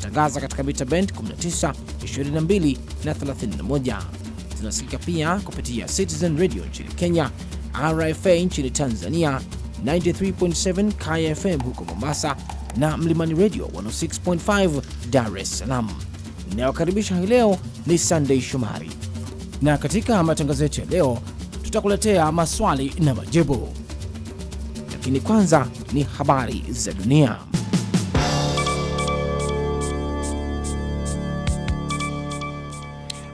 Tunatangaza katika mita band 19, 22 na 31. Tunasikika pia kupitia Citizen Radio nchini Kenya, RFA nchini Tanzania, 93.7 KFM huko Mombasa na Mlimani Radio 106.5 Dar es Salaam. Inayokaribisha hii leo ni Sunday Shomari, na katika matangazo yetu ya leo tutakuletea maswali na majibu, lakini kwanza ni habari za dunia.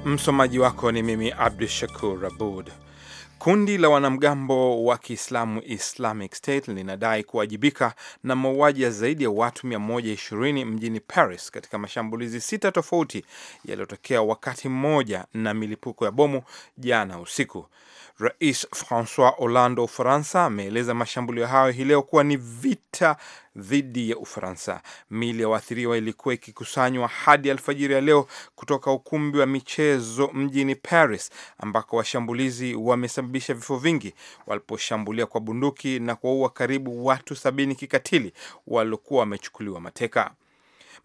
Msomaji wako ni mimi Abdu Shakur Abud. Kundi la wanamgambo wa Kiislamu Islamic State linadai kuwajibika na mauaji ya zaidi ya watu 120 mjini Paris katika mashambulizi sita tofauti yaliyotokea wakati mmoja na milipuko ya bomu jana usiku. Rais Francois Hollande wa Ufaransa ameeleza mashambulio hayo hii leo kuwa ni vita dhidi ya Ufaransa. Mili ya waathiriwa ilikuwa ikikusanywa hadi alfajiri ya leo kutoka ukumbi wa michezo mjini Paris, ambako washambulizi wamesababisha vifo vingi waliposhambulia kwa bunduki na kuwaua karibu watu sabini kikatili waliokuwa wamechukuliwa mateka.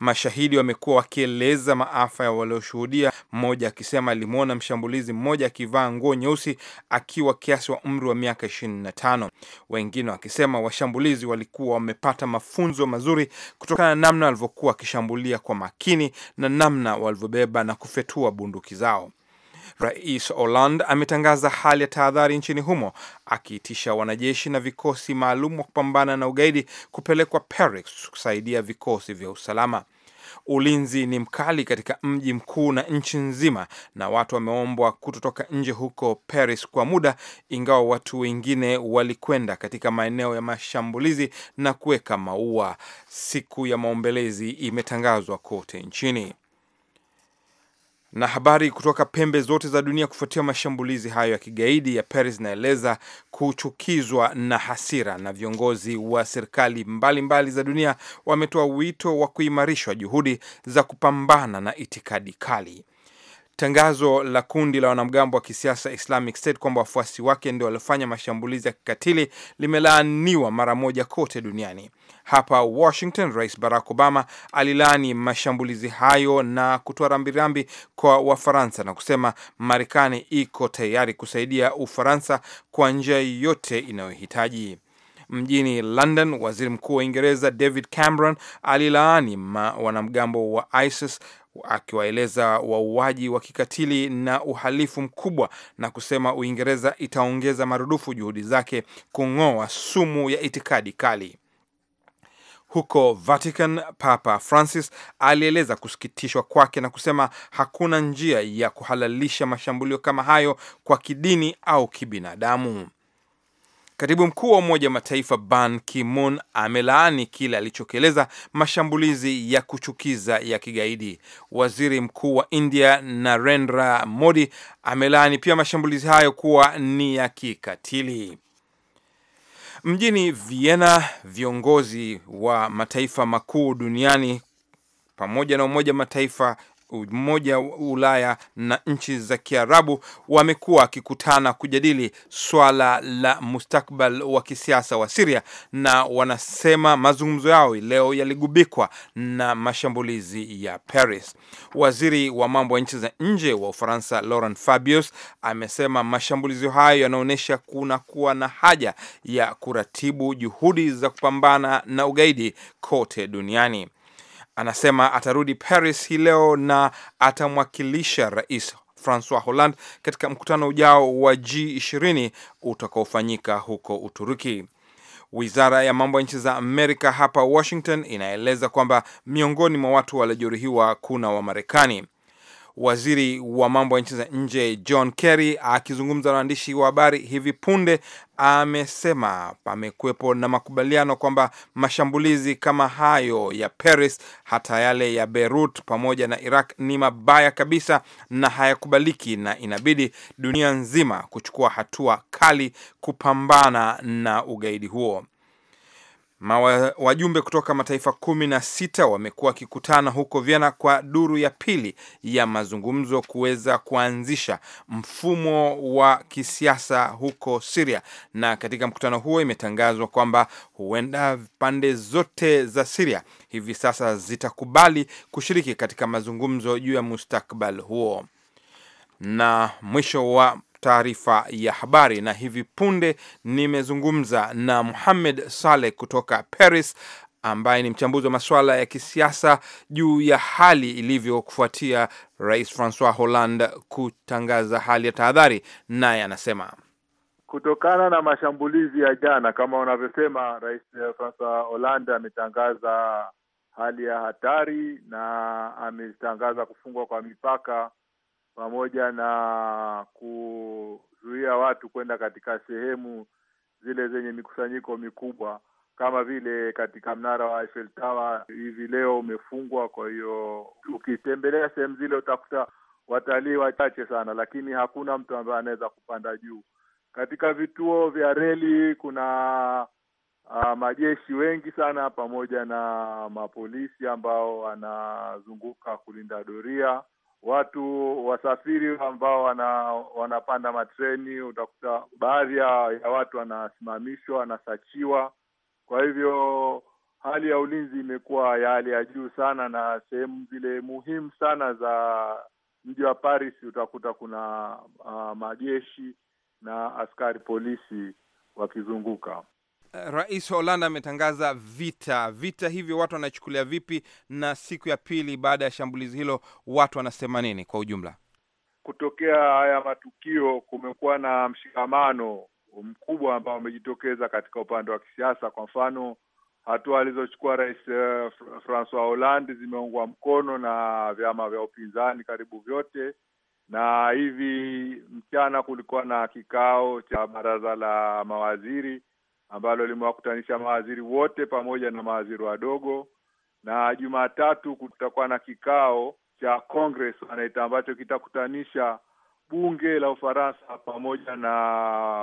Mashahidi wamekuwa wakieleza maafa ya walioshuhudia, mmoja akisema alimwona mshambulizi mmoja akivaa nguo nyeusi akiwa kiasi wa umri wa miaka ishirini na tano. Wengine wakisema washambulizi walikuwa wamepata mafunzo mazuri kutokana na namna walivyokuwa wakishambulia kwa makini na namna walivyobeba na kufyatua bunduki zao. Rais Hollande ametangaza hali ya tahadhari nchini humo akiitisha wanajeshi na vikosi maalum wa kupambana na ugaidi kupelekwa Paris kusaidia vikosi vya usalama. Ulinzi ni mkali katika mji mkuu na nchi nzima, na watu wameombwa kutotoka nje huko Paris kwa muda, ingawa watu wengine walikwenda katika maeneo ya mashambulizi na kuweka maua. Siku ya maombelezi imetangazwa kote nchini. Na habari kutoka pembe zote za dunia kufuatia mashambulizi hayo ya kigaidi ya Paris inaeleza kuchukizwa na hasira, na viongozi wa serikali mbalimbali za dunia wametoa wito wa kuimarishwa juhudi za kupambana na itikadi kali. Tangazo la kundi la wanamgambo wa kisiasa Islamic State kwamba wafuasi wake ndio waliofanya mashambulizi ya kikatili limelaaniwa mara moja kote duniani. Hapa Washington, Rais Barack Obama alilaani mashambulizi hayo na kutoa rambirambi kwa Wafaransa na kusema Marekani iko tayari kusaidia Ufaransa kwa njia yote inayohitaji. Mjini London, waziri mkuu wa Uingereza David Cameron alilaani wanamgambo wa ISIS akiwaeleza wauaji wa kikatili na uhalifu mkubwa na kusema Uingereza itaongeza marudufu juhudi zake kung'oa sumu ya itikadi kali. Huko Vatican, Papa Francis alieleza kusikitishwa kwake na kusema hakuna njia ya kuhalalisha mashambulio kama hayo kwa kidini au kibinadamu. Katibu mkuu wa Umoja wa Mataifa Ban Ki-moon amelaani kile alichokieleza mashambulizi ya kuchukiza ya kigaidi. Waziri mkuu wa India Narendra Modi amelaani pia mashambulizi hayo kuwa ni ya kikatili. Mjini Vienna, viongozi wa mataifa makuu duniani pamoja na Umoja wa Mataifa Umoja wa Ulaya na nchi za Kiarabu wamekuwa wakikutana kujadili swala la mustakbal wa kisiasa wa Siria, na wanasema mazungumzo yao leo yaligubikwa na mashambulizi ya Paris. Waziri wa mambo ya nchi za nje wa Ufaransa Laurent Fabius amesema mashambulizi hayo yanaonyesha kuna kuwa na haja ya kuratibu juhudi za kupambana na ugaidi kote duniani anasema atarudi Paris hii leo na atamwakilisha Rais Francois Hollande katika mkutano ujao wa G20 utakaofanyika huko Uturuki. Wizara ya mambo ya nchi za Amerika hapa Washington inaeleza kwamba miongoni mwa watu waliojeruhiwa kuna Wamarekani waziri wa mambo ya nchi za nje John Kerry akizungumza na waandishi wa habari hivi punde amesema pamekuwepo na makubaliano kwamba mashambulizi kama hayo ya Paris hata yale ya Beirut pamoja na Iraq ni mabaya kabisa na hayakubaliki, na inabidi dunia nzima kuchukua hatua kali kupambana na ugaidi huo wajumbe kutoka mataifa kumi na sita wamekuwa wakikutana huko Vienna kwa duru ya pili ya mazungumzo kuweza kuanzisha mfumo wa kisiasa huko Siria, na katika mkutano huo imetangazwa kwamba huenda pande zote za Siria hivi sasa zitakubali kushiriki katika mazungumzo juu ya mustakbal huo. Na mwisho wa taarifa ya habari, na hivi punde nimezungumza na Muhamed Saleh kutoka Paris ambaye ni mchambuzi wa masuala ya kisiasa juu ya hali ilivyo kufuatia Rais Francois Hollande kutangaza hali ya tahadhari. Naye anasema kutokana na mashambulizi ya jana, kama unavyosema, Rais Francois Hollande ametangaza hali ya hatari na ametangaza kufungwa kwa mipaka pamoja na kuzuia watu kwenda katika sehemu zile zenye mikusanyiko mikubwa kama vile katika mnara wa Eiffel Tower hivi leo umefungwa. Kwa hiyo ukitembelea sehemu zile utakuta watalii wachache sana, lakini hakuna mtu ambaye anaweza kupanda juu. Katika vituo vya reli kuna uh, majeshi wengi sana pamoja na mapolisi ambao wanazunguka kulinda doria watu wasafiri ambao wana, wanapanda matreni, utakuta baadhi ya, ya watu wanasimamishwa, wanasachiwa. Kwa hivyo hali ya ulinzi imekuwa ya hali ya juu sana, na sehemu zile muhimu sana za mji wa Paris utakuta kuna uh, majeshi na askari polisi wakizunguka. Rais wa Holanda ametangaza vita. Vita hivyo watu wanachukulia vipi? Na siku ya pili baada ya shambulizi hilo watu wanasema nini kwa ujumla? Kutokea haya matukio, kumekuwa na mshikamano mkubwa ambao umejitokeza katika upande wa kisiasa. Kwa mfano, hatua alizochukua Rais uh, Francois Hollande zimeungwa mkono na vyama vya upinzani karibu vyote, na hivi mchana kulikuwa na kikao cha baraza la mawaziri ambalo limewakutanisha mawaziri wote pamoja na mawaziri wadogo, na Jumatatu kutakuwa na kikao cha Congress wanaita ambacho kitakutanisha bunge la Ufaransa pamoja na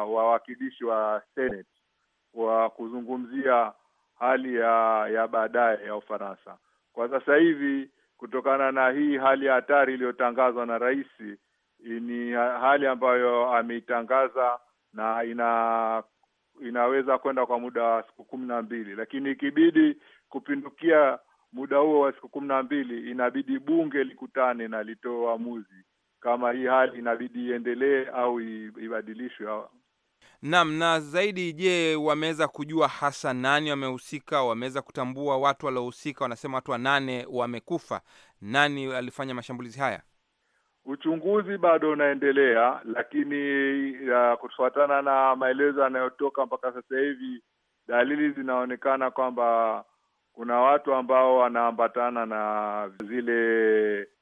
wawakilishi wa Senate wa kuzungumzia hali ya ya baadaye ya Ufaransa. Kwa sasa hivi, kutokana na hii hali ya hatari iliyotangazwa na rais, ni hali ambayo ameitangaza na ina inaweza kwenda kwa muda wa siku kumi na mbili, lakini ikibidi kupindukia muda huo wa siku kumi na mbili, inabidi bunge likutane na litoe uamuzi kama hii hali inabidi iendelee au ibadilishwe. Naam. Na zaidi, je, wameweza kujua hasa nani wamehusika? Wameweza kutambua watu waliohusika? Wanasema watu wanane wamekufa. Nani alifanya mashambulizi haya? Uchunguzi bado unaendelea, lakini uh, kufuatana na maelezo yanayotoka mpaka sasa hivi, dalili zinaonekana kwamba kuna watu ambao wanaambatana na zile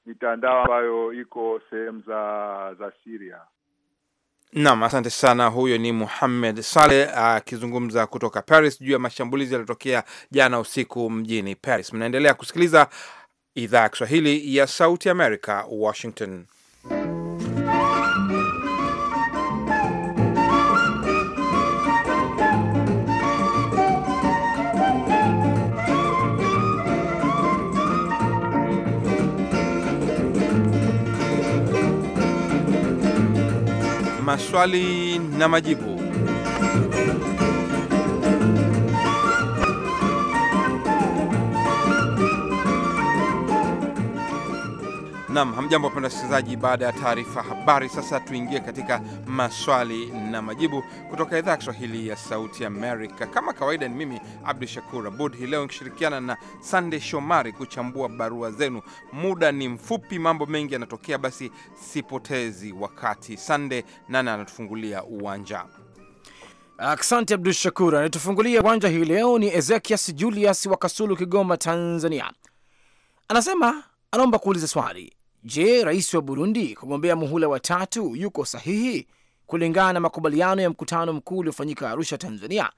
mitandao ambayo iko sehemu za za Syria. Naam, asante sana. Huyo ni Muhamed Saleh ah, akizungumza uh, kutoka Paris juu ya mashambulizi yaliyotokea jana usiku mjini Paris. Mnaendelea kusikiliza idhaa ya Kiswahili ya Sauti America, Washington. maswali na majibu. Naam, hamjambo wapenda wasikilizaji. Baada ya taarifa habari, sasa tuingie katika maswali na majibu kutoka idhaa ya Kiswahili ya Sauti Amerika. Kama kawaida, ni mimi Abdu Shakur Abud hii leo nikishirikiana na sandey Shomari kuchambua barua zenu. Muda ni mfupi, mambo mengi yanatokea, basi sipotezi wakati. Sande nana anatufungulia uwanja. Asante Abdu Shakur. Anatufungulia uwanja hii leo ni Ezekias Julius wa Kasulu, Kigoma, Tanzania. Anasema anaomba kuuliza swali Je, rais wa Burundi kugombea muhula wa tatu yuko sahihi kulingana na makubaliano ya mkutano mkuu uliofanyika Arusha, Tanzania?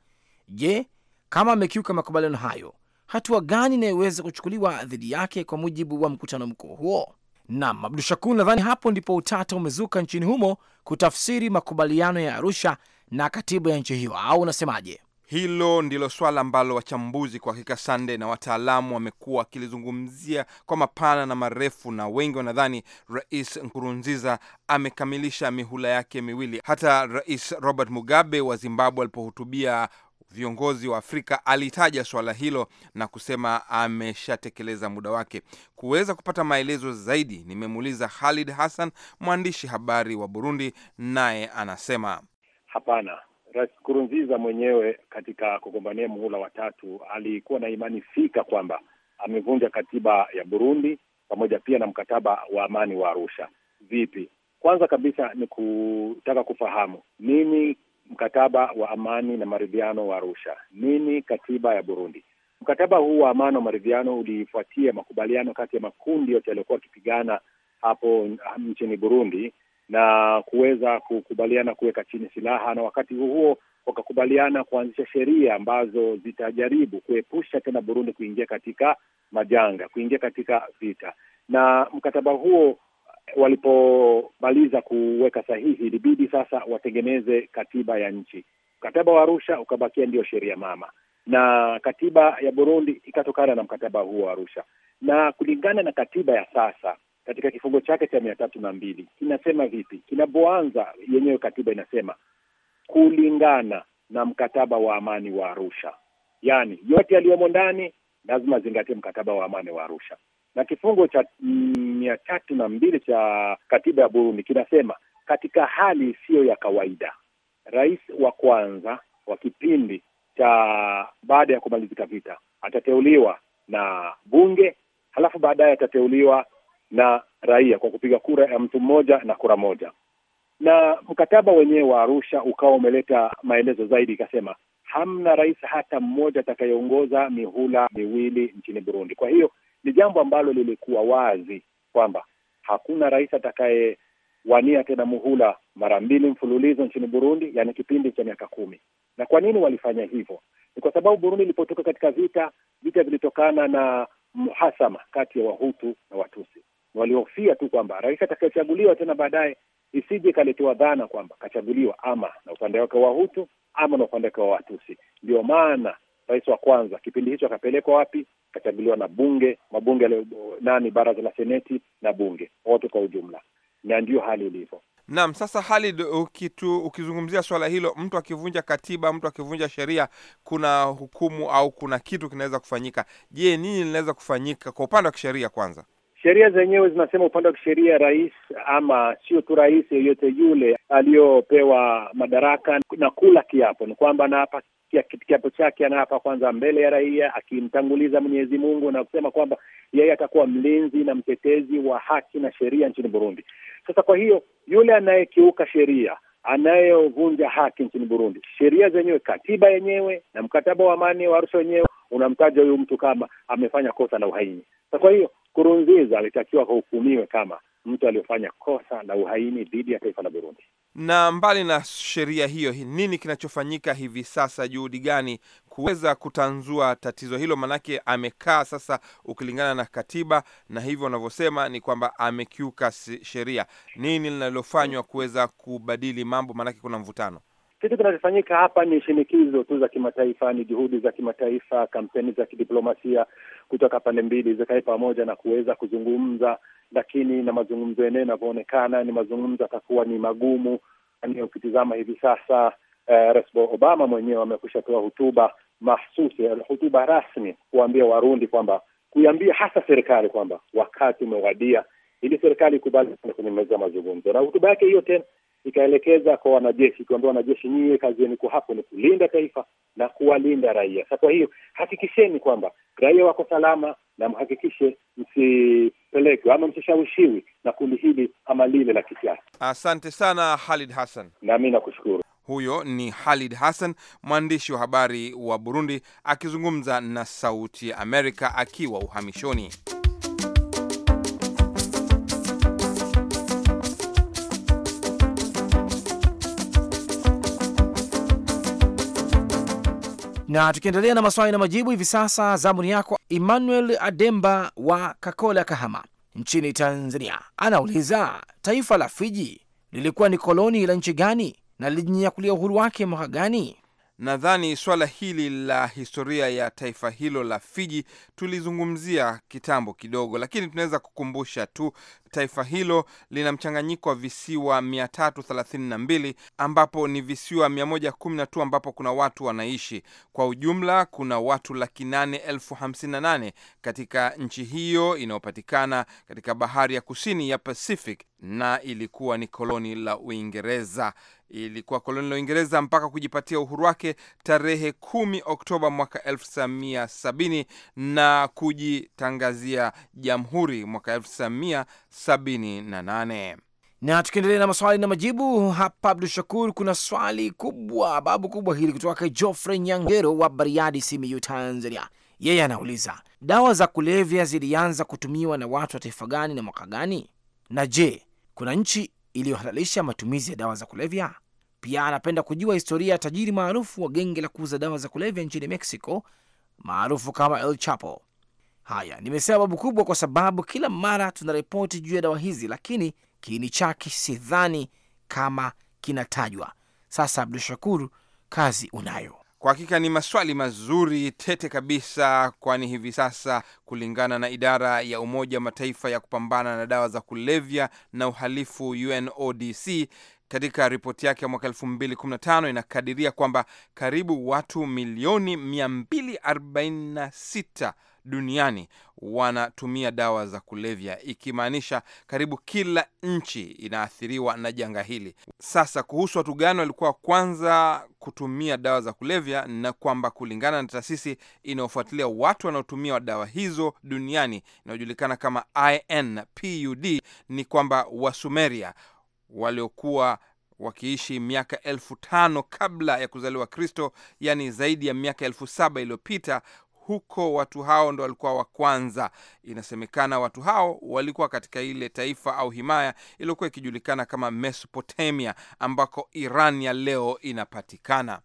Je, kama amekiuka makubaliano hayo, hatua gani inayoweza kuchukuliwa dhidi yake kwa mujibu wa mkutano mkuu huo? Nam Abdu Shakur, nadhani hapo ndipo utata umezuka nchini humo kutafsiri makubaliano ya Arusha na katiba ya nchi hiyo, au unasemaje? Hilo ndilo swala ambalo wachambuzi kwa hakika sande na wataalamu wamekuwa wakilizungumzia kwa mapana na marefu, na wengi wanadhani Rais Nkurunziza amekamilisha mihula yake miwili. Hata Rais Robert Mugabe wa Zimbabwe alipohutubia viongozi wa Afrika alitaja swala hilo na kusema ameshatekeleza muda wake. Kuweza kupata maelezo zaidi, nimemuuliza Khalid Hassan, mwandishi habari wa Burundi, naye anasema hapana. Rais Kurunziza mwenyewe katika kugombania muhula wa tatu alikuwa na imani fika kwamba amevunja katiba ya Burundi pamoja pia na mkataba wa amani wa Arusha. Vipi? Kwanza kabisa ni kutaka kufahamu nini mkataba wa amani na maridhiano wa Arusha, nini katiba ya Burundi. Mkataba huu wa amani na maridhiano ulifuatia makubaliano kati ya makundi yote yaliyokuwa akipigana hapo nchini Burundi na kuweza kukubaliana kuweka chini silaha, na wakati huo wakakubaliana kuanzisha sheria ambazo zitajaribu kuepusha tena Burundi kuingia katika majanga, kuingia katika vita. Na mkataba huo eh, walipomaliza kuweka sahihi, ilibidi sasa watengeneze katiba ya nchi. Mkataba wa Arusha ukabakia ndiyo sheria mama, na katiba ya Burundi ikatokana na mkataba huo wa Arusha. Na kulingana na katiba ya sasa katika kifungo chake cha mia tatu na mbili kinasema vipi? Kinapoanza yenyewe katiba inasema kulingana na mkataba wa amani wa Arusha, yaani yote yaliyomo ndani lazima azingatie mkataba wa amani wa Arusha. Na kifungo cha mia mm, tatu na mbili cha katiba ya Burundi kinasema katika hali isiyo ya kawaida, rais wa kwanza wa kipindi cha baada ya kumalizika vita atateuliwa na bunge, halafu baadaye atateuliwa na raia kwa kupiga kura ya mtu mmoja na kura moja. Na mkataba wenyewe wa Arusha ukawa umeleta maelezo zaidi, ikasema hamna rais hata mmoja atakayeongoza mihula miwili nchini Burundi. Kwa hiyo ni jambo ambalo lilikuwa wazi kwamba hakuna rais atakayewania tena muhula mara mbili mfululizo nchini Burundi, yani kipindi cha miaka kumi. Na kwa nini walifanya hivyo? Ni kwa sababu Burundi ilipotoka katika vita, vita vilitokana na mhasama kati ya Wahutu na Watusi walihofia tu kwamba rais atakayechaguliwa tena baadaye isije ikaletewa dhana kwamba kachaguliwa ama na upande wake wa Hutu ama na upande wake wa Watusi. Ndio maana rais wa kwanza kipindi hicho akapelekwa wapi? Akachaguliwa na bunge, mabunge nani, baraza la seneti na bunge wote kwa ujumla, na ndiyo hali ilivyo. Naam, sasa hali ukitu, ukizungumzia swala hilo, mtu akivunja katiba, mtu akivunja sheria, kuna hukumu au kuna kitu kinaweza kufanyika? Je, nini linaweza kufanyika kwa upande wa kisheria kwanza? Sheria zenyewe zinasema upande wa kisheria, rais ama sio tu rais yeyote yule aliyopewa madaraka na kula kiapo, ni kwamba anaapa kiapo chake, anaapa kwanza mbele ya raia, akimtanguliza Mwenyezi Mungu na kusema kwamba yeye atakuwa mlinzi na mtetezi wa haki na sheria nchini Burundi. Sasa kwa hiyo yule anayekiuka sheria anayovunja haki nchini Burundi, sheria zenyewe, katiba yenyewe na mkataba wa amani wa Arusha wenyewe unamtaja huyu mtu kama amefanya kosa la uhaini. Sasa kwa hiyo Kurunziza alitakiwa ahukumiwe kama mtu aliyofanya kosa la uhaini dhidi ya taifa la Burundi. Na mbali na sheria hiyo, nini kinachofanyika hivi sasa? Juhudi gani kuweza kutanzua tatizo hilo? Maanake amekaa sasa, ukilingana na katiba, na hivyo wanavyosema ni kwamba amekiuka sheria. Nini linalofanywa kuweza kubadili mambo? Maanake kuna mvutano kitu kinachofanyika hapa ni shinikizo tu za kimataifa, ni juhudi za kimataifa, kampeni za kidiplomasia kutoka pande mbili zikae pamoja na kuweza kuzungumza, lakini na mazungumzo yenyewe yanavyoonekana ni mazungumzo atakuwa ni magumu. Yani, ukitizama hivi sasa eh, Rais Obama mwenyewe amekwisha toa hutuba mahsusi, eh, hutuba rasmi kuambia Warundi kwamba kuiambia hasa serikali kwamba wakati umewadia ili serikali ikubali kwenye meza ya mazungumzo, na hutuba yake hiyo tena ikaelekeza kwa wanajeshi, ikiwaambia wanajeshi, nyiwe kazi yenu kwa hapo ni kulinda taifa na kuwalinda raia. Sa kwa hiyo hakikisheni kwamba raia wako salama, na mhakikishe msipelekwe ama msishawishiwi na kundi hili ama lile la kisiasa. Asante sana Halid Hassan, nami nakushukuru. Huyo ni Halid Hassan, mwandishi wa habari wa Burundi, akizungumza na Sauti ya Amerika akiwa uhamishoni. Na tukiendelea na maswali na majibu, hivi sasa zamu ni yako Emmanuel Ademba wa Kakola, Kahama nchini Tanzania. Anauliza, taifa la Fiji lilikuwa ni koloni la nchi gani na lilijinyakulia uhuru wake mwaka gani? Nadhani swala hili la historia ya taifa hilo la Fiji tulizungumzia kitambo kidogo, lakini tunaweza kukumbusha tu Taifa hilo lina mchanganyiko wa visiwa 332 ambapo ni visiwa 112 ambapo kuna watu wanaishi. Kwa ujumla kuna watu laki nane elfu hamsini na nane katika nchi hiyo inayopatikana katika bahari ya kusini ya Pacific na ilikuwa ni koloni la Uingereza. Ilikuwa koloni la Uingereza mpaka kujipatia uhuru wake tarehe 10 Oktoba mwaka 1970 na kujitangazia jamhuri mwaka na tukiendelea na maswali na majibu hapa, Abdu Shakur, kuna swali kubwa, babu kubwa hili kutoka kwa Nyangero wa Bariadi, Simiyu, Tanzania. Yeye anauliza dawa za kulevya zilianza kutumiwa na watu wa taifa gani na mwaka gani, na je, kuna nchi iliyohalalisha matumizi ya dawa za kulevya? Pia anapenda kujua historia ya tajiri maarufu wa genge la kuuza dawa za kulevya nchini Mexico, maarufu kama El Chapo. Haya, nimesema babu kubwa kwa sababu kila mara tuna ripoti juu ya dawa hizi, lakini kiini chake sidhani kama kinatajwa. Sasa Abdu Shakuru, kazi unayo. Kwa hakika ni maswali mazuri tete kabisa, kwani hivi sasa kulingana na idara ya Umoja wa Mataifa ya kupambana na dawa za kulevya na uhalifu UNODC katika ripoti yake ya mwaka 2015 inakadiria kwamba karibu watu milioni 246 duniani wanatumia dawa za kulevya, ikimaanisha karibu kila nchi inaathiriwa na janga hili. Sasa kuhusu watu gani walikuwa kwanza kutumia dawa za kulevya, na kwamba kulingana na taasisi inayofuatilia watu wanaotumia dawa hizo duniani inayojulikana kama INPUD ni kwamba Wasumeria waliokuwa wakiishi miaka elfu tano kabla ya kuzaliwa Kristo, yaani zaidi ya miaka elfu saba iliyopita huko watu hao ndo walikuwa wa kwanza. Inasemekana watu hao walikuwa katika ile taifa au himaya iliyokuwa ikijulikana kama Mesopotamia, ambako Iran ya leo inapatikana.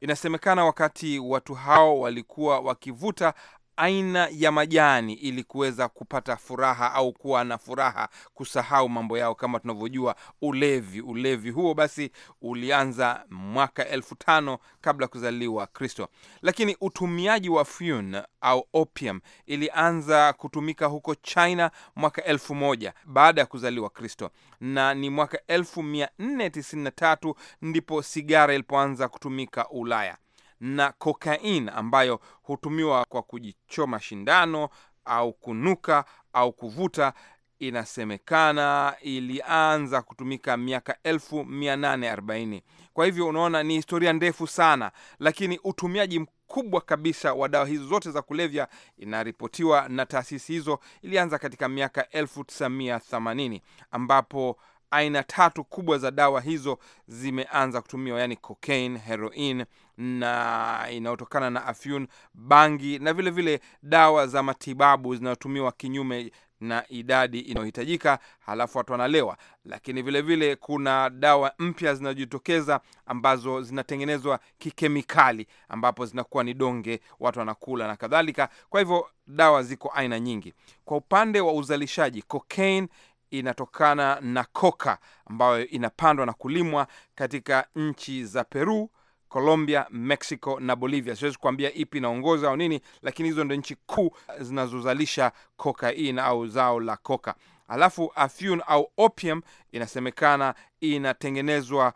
Inasemekana wakati watu hao walikuwa wakivuta aina ya majani ili kuweza kupata furaha au kuwa na furaha, kusahau mambo yao, kama tunavyojua ulevi. Ulevi huo basi ulianza mwaka elfu tano kabla ya kuzaliwa Kristo, lakini utumiaji wa fun au opium ilianza kutumika huko China mwaka elfu moja baada ya kuzaliwa Kristo, na ni mwaka elfu mia nne tisini na tatu ndipo sigara ilipoanza kutumika Ulaya na kokain ambayo hutumiwa kwa kujichoma shindano au kunuka au kuvuta. Inasemekana ilianza kutumika miaka 1840. Kwa hivyo unaona ni historia ndefu sana, lakini utumiaji mkubwa kabisa wa dawa hizo zote za kulevya inaripotiwa na taasisi hizo ilianza katika miaka 1980 ambapo aina tatu kubwa za dawa hizo zimeanza kutumiwa, yaani cocaine, heroin na inayotokana na afyun, bangi na vile vile dawa za matibabu zinazotumiwa kinyume na idadi inayohitajika, halafu watu wanalewa. Lakini vile vile kuna dawa mpya zinajitokeza ambazo zinatengenezwa kikemikali, ambapo zinakuwa ni donge watu wanakula na kadhalika. Kwa hivyo dawa ziko aina nyingi. Kwa upande wa uzalishaji, cocaine inatokana na koka ambayo inapandwa na kulimwa katika nchi za Peru, Colombia, Mexico na Bolivia. Siwezi kuambia ipi inaongoza au nini, lakini hizo ndio nchi kuu zinazozalisha kokain au zao la koka. Alafu afyun au opium inasemekana inatengenezwa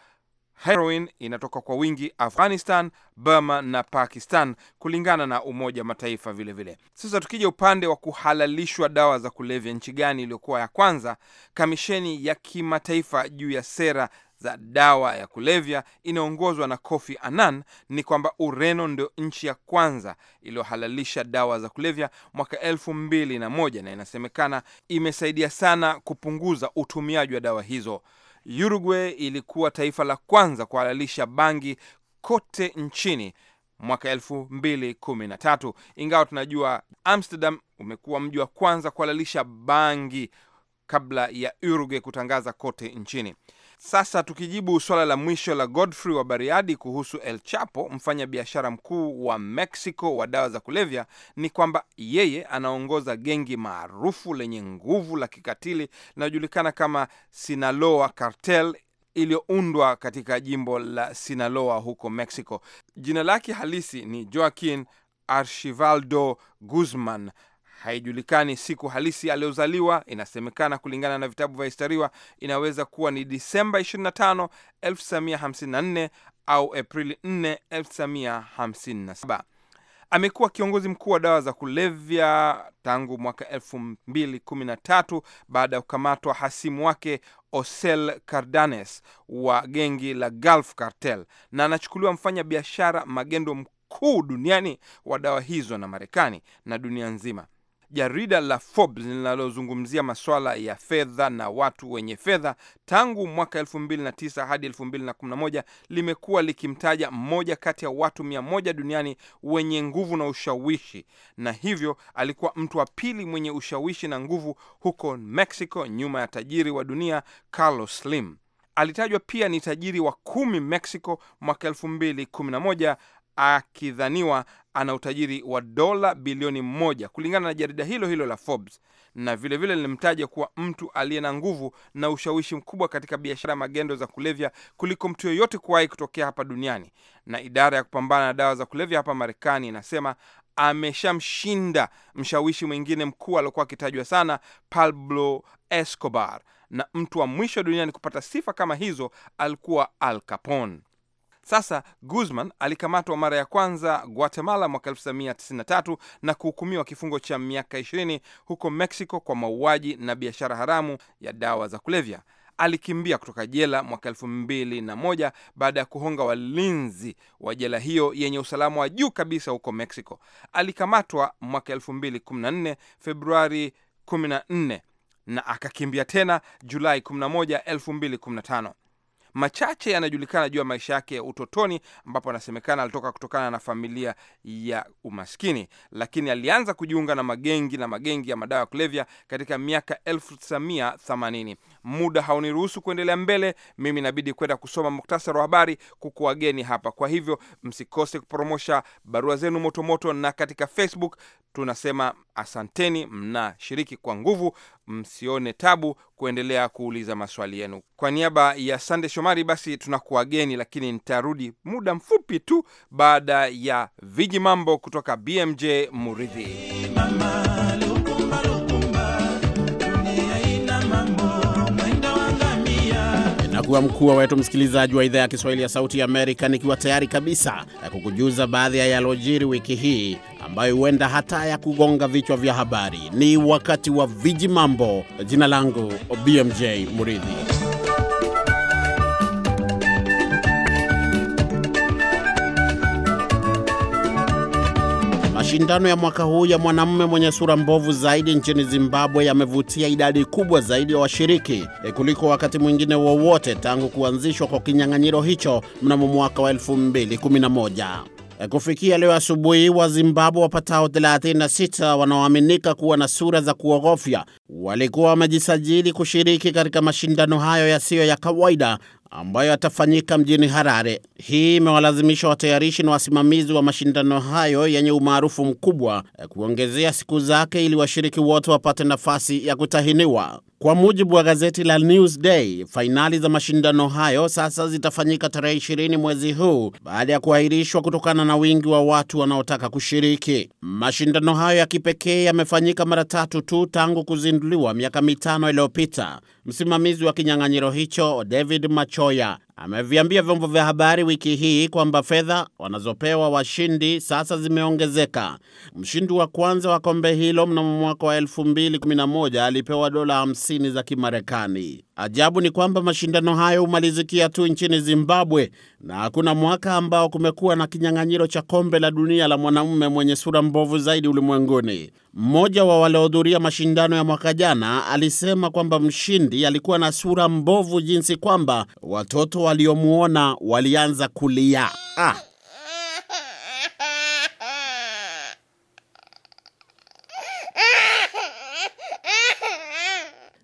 heroin inatoka kwa wingi Afghanistan, Burma na Pakistan, kulingana na Umoja Mataifa. Vilevile vile. Sasa tukija upande wa kuhalalishwa dawa za kulevya, nchi gani iliyokuwa ya kwanza? Kamisheni ya kimataifa juu ya sera za dawa ya kulevya inaongozwa na Kofi Annan, ni kwamba Ureno ndio nchi ya kwanza iliyohalalisha dawa za kulevya mwaka elfu mbili na moja na inasemekana imesaidia sana kupunguza utumiaji wa dawa hizo. Uruguay ilikuwa taifa la kwanza kuhalalisha bangi kote nchini mwaka elfu mbili kumi na tatu ingawa tunajua Amsterdam umekuwa mji wa kwanza kuhalalisha bangi kabla ya Uruguay kutangaza kote nchini. Sasa tukijibu suala la mwisho la Godfrey wa Bariadi kuhusu El Chapo, mfanya biashara mkuu wa Mexico wa dawa za kulevya, ni kwamba yeye anaongoza gengi maarufu lenye nguvu la kikatili linalojulikana kama Sinaloa Cartel iliyoundwa katika jimbo la Sinaloa huko Mexico. Jina lake halisi ni Joaquin Archivaldo Guzman Haijulikani siku halisi aliyozaliwa. Inasemekana kulingana na vitabu vya historia inaweza kuwa ni Disemba 25, 1954 au Aprili 4, 1957. Amekuwa kiongozi mkuu wa dawa za kulevya tangu mwaka 2013 baada ya kukamatwa hasimu wake osel cardanes wa gengi la Gulf Cartel, na anachukuliwa mfanya biashara magendo mkuu duniani wa dawa hizo na Marekani na dunia nzima jarida la Forbes linalozungumzia masuala ya fedha na watu wenye fedha tangu mwaka 2009 hadi 2011 limekuwa likimtaja mmoja kati ya watu mia moja duniani wenye nguvu na ushawishi, na hivyo alikuwa mtu wa pili mwenye ushawishi na nguvu huko Mexico nyuma ya tajiri wa dunia Carlos Slim. Alitajwa pia ni tajiri wa kumi Mexico mwaka 2011 akidhaniwa ana utajiri wa dola bilioni moja kulingana na jarida hilo hilo la Forbes, na vilevile lilimtaja kuwa mtu aliye na nguvu na ushawishi mkubwa katika biashara ya magendo za kulevya kuliko mtu yoyote kuwahi kutokea hapa duniani. Na idara ya kupambana na dawa za kulevya hapa Marekani inasema ameshamshinda mshawishi mwingine mkuu aliokuwa akitajwa sana, Pablo Escobar, na mtu wa mwisho duniani kupata sifa kama hizo alikuwa Al Capone. Sasa Guzman alikamatwa mara ya kwanza Guatemala mwaka 1993 na kuhukumiwa kifungo cha miaka 20 huko Mexico kwa mauaji na biashara haramu ya dawa za kulevya. Alikimbia kutoka jela mwaka elfu mbili na moja baada ya kuhonga walinzi wa jela hiyo yenye usalama wa juu kabisa huko Mexico. Alikamatwa mwaka elfu mbili kumi na nne Februari 14 na akakimbia tena Julai 11215 Machache yanajulikana juu ya maisha yake ya utotoni, ambapo anasemekana alitoka kutokana na familia ya umaskini, lakini alianza kujiunga na magengi na magengi ya madawa ya kulevya katika miaka 1980. Muda hauniruhusu kuendelea mbele, mimi inabidi kwenda kusoma muktasari wa habari kukuwageni hapa. Kwa hivyo msikose kupromosha barua zenu motomoto, na katika Facebook tunasema asanteni, mnashiriki kwa nguvu, msione tabu kuendelea kuuliza maswali yenu. Kwa niaba ya Sande Shomari, basi tunakuwageni, lakini nitarudi muda mfupi tu baada ya viji mambo kutoka BMJ Muridhi. Kuwa mkuu wetu msikilizaji wa idhaa ya Kiswahili ya Sauti ya Amerika, nikiwa tayari kabisa kukujuza baadhi ya yalojiri wiki hii ambayo huenda hata ya kugonga vichwa vya habari. Ni wakati wa viji mambo. Jina langu BMJ Muridhi. Mashindano ya mwaka huu ya mwanamume mwenye sura mbovu zaidi nchini Zimbabwe yamevutia idadi kubwa zaidi ya wa washiriki eh, kuliko wakati mwingine wowote tangu kuanzishwa kwa kinyang'anyiro hicho mnamo mwaka wa 2011. Eh, kufikia leo asubuhi, wa Zimbabwe wapatao 36 wanaoaminika kuwa na sura za kuogofya walikuwa wamejisajili kushiriki katika mashindano hayo yasiyo ya kawaida ambayo yatafanyika mjini Harare. Hii imewalazimisha watayarishi na wasimamizi wa mashindano hayo yenye umaarufu mkubwa eh, kuongezea siku zake ili washiriki wote wapate nafasi ya kutahiniwa. Kwa mujibu wa gazeti la Newsday, fainali za mashindano hayo sasa zitafanyika tarehe 20 mwezi huu baada ya kuahirishwa kutokana na wingi wa watu wanaotaka kushiriki. Mashindano hayo ya kipekee yamefanyika mara tatu tu tangu kuzinduliwa miaka mitano iliyopita. Msimamizi wa kinyang'anyiro hicho David Machoya ameviambia vyombo vya habari wiki hii kwamba fedha wanazopewa washindi sasa zimeongezeka. Mshindi wa kwanza wa kombe hilo mnamo mwaka wa 2011 alipewa dola 50 za Kimarekani. Ajabu ni kwamba mashindano hayo humalizikia tu nchini Zimbabwe na hakuna mwaka ambao kumekuwa na kinyang'anyiro cha kombe la dunia la mwanamume mwenye sura mbovu zaidi ulimwenguni. Mmoja wa waliohudhuria mashindano ya mwaka jana alisema kwamba mshindi alikuwa na sura mbovu jinsi kwamba watoto waliomwona walianza kulia ah.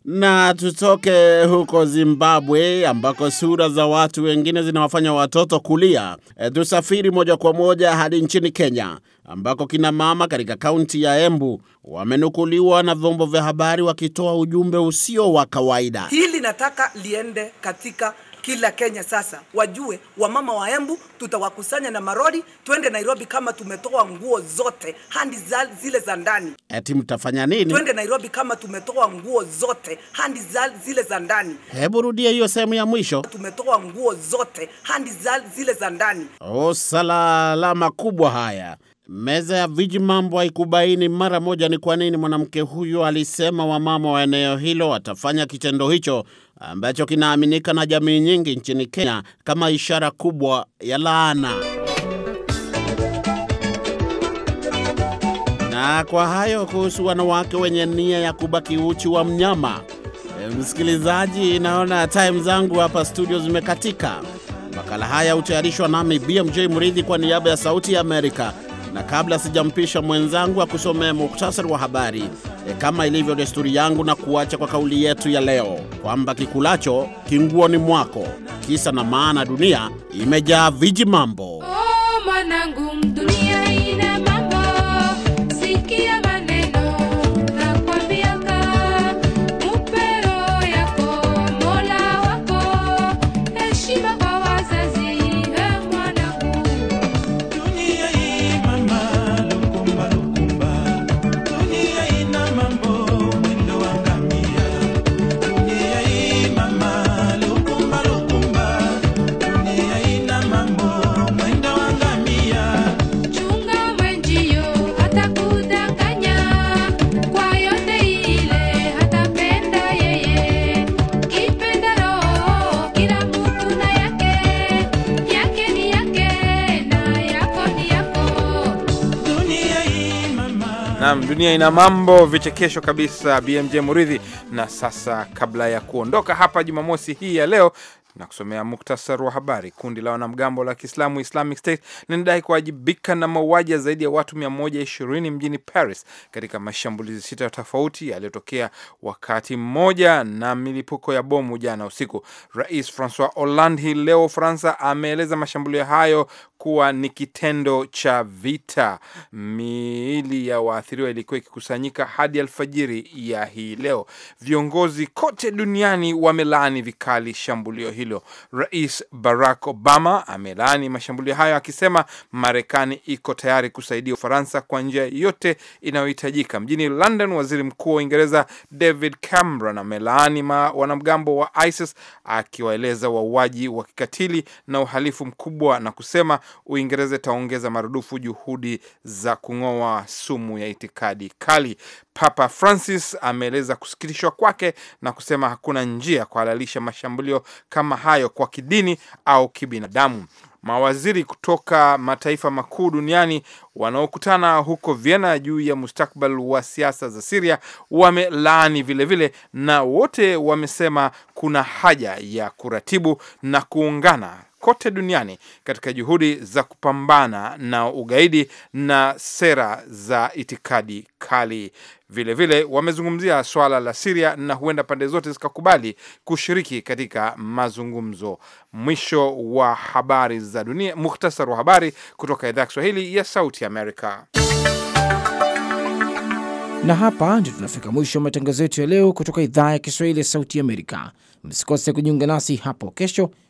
Na tutoke huko Zimbabwe ambako sura za watu wengine zinawafanya watoto kulia. E, tusafiri moja kwa moja hadi nchini Kenya ambako kina mama katika kaunti ya Embu wamenukuliwa na vyombo vya habari wakitoa ujumbe usio wa kawaida. Hili nataka liende katika kila Kenya sasa wajue wamama wa Embu tutawakusanya na marori twende Nairobi kama tumetoa nguo zote handi za, zile za ndani. Eti mtafanya nini? Twende Nairobi kama tumetoa nguo zote handi za, zile za ndani. Hebu rudia hiyo sehemu ya mwisho. Tumetoa nguo zote handi za, zile za ndani. Oh, salalama kubwa haya. Meza ya viji mambo haikubaini mara moja ni kwa nini mwanamke huyo alisema wamama wa eneo hilo watafanya kitendo hicho ambacho kinaaminika na jamii nyingi nchini Kenya kama ishara kubwa ya laana. Na kwa hayo kuhusu wanawake wenye nia ya kubaki uchi wa mnyama. Eh, msikilizaji, naona time zangu hapa studio zimekatika. Makala haya hutayarishwa nami BMJ mridhi kwa niaba ya Sauti ya Amerika na kabla sijampisha mwenzangu akusomee muktasari wa habari e, kama ilivyo desturi yangu, na kuacha kwa kauli yetu ya leo kwamba kikulacho kinguoni mwako. Kisa na maana, dunia imejaa viji mambo. Oh, dunia dunia ina mambo vichekesho kabisa. BMJ Muridhi. Na sasa kabla ya kuondoka hapa Jumamosi hii ya leo na kusomea muktasar wa habari. Kundi la wanamgambo la Kiislamu Islamic State linadai kuwajibika na mauaji ya zaidi ya watu 120 mjini Paris katika mashambulizi sita tofauti yaliyotokea wakati mmoja na milipuko ya bomu jana usiku. Rais Francois Hollande hii leo Ufaransa ameeleza mashambulio hayo kuwa ni kitendo cha vita. Miili ya waathiriwa ilikuwa ikikusanyika hadi alfajiri ya hii leo. Viongozi kote duniani wamelaani vikali shambulio hilo. Rais Barack Obama amelaani mashambulio hayo akisema Marekani iko tayari kusaidia Ufaransa kwa njia yote inayohitajika. Mjini London, waziri mkuu wa Uingereza David Cameron amelaani wanamgambo wa ISIS akiwaeleza wauaji wa kikatili na uhalifu mkubwa na kusema Uingereza itaongeza marudufu juhudi za kung'oa sumu ya itikadi kali. Papa Francis ameeleza kusikitishwa kwake na kusema hakuna njia kuhalalisha mashambulio kama hayo kwa kidini au kibinadamu. Mawaziri kutoka mataifa makuu duniani wanaokutana huko Vienna juu ya mustakbal wa siasa za Siria wamelaani vilevile, na wote wamesema kuna haja ya kuratibu na kuungana kote duniani katika juhudi za kupambana na ugaidi na sera za itikadi kali. Vilevile vile, wamezungumzia swala la Siria na huenda pande zote zikakubali kushiriki katika mazungumzo. Mwisho wa habari za dunia. Muhtasari wa habari kutoka idhaa ya Kiswahili ya Sauti Amerika. Na hapa ndio tunafika mwisho wa matangazo yetu ya leo kutoka idhaa ya Kiswahili ya Sauti Amerika. Msikose kujiunga nasi hapo kesho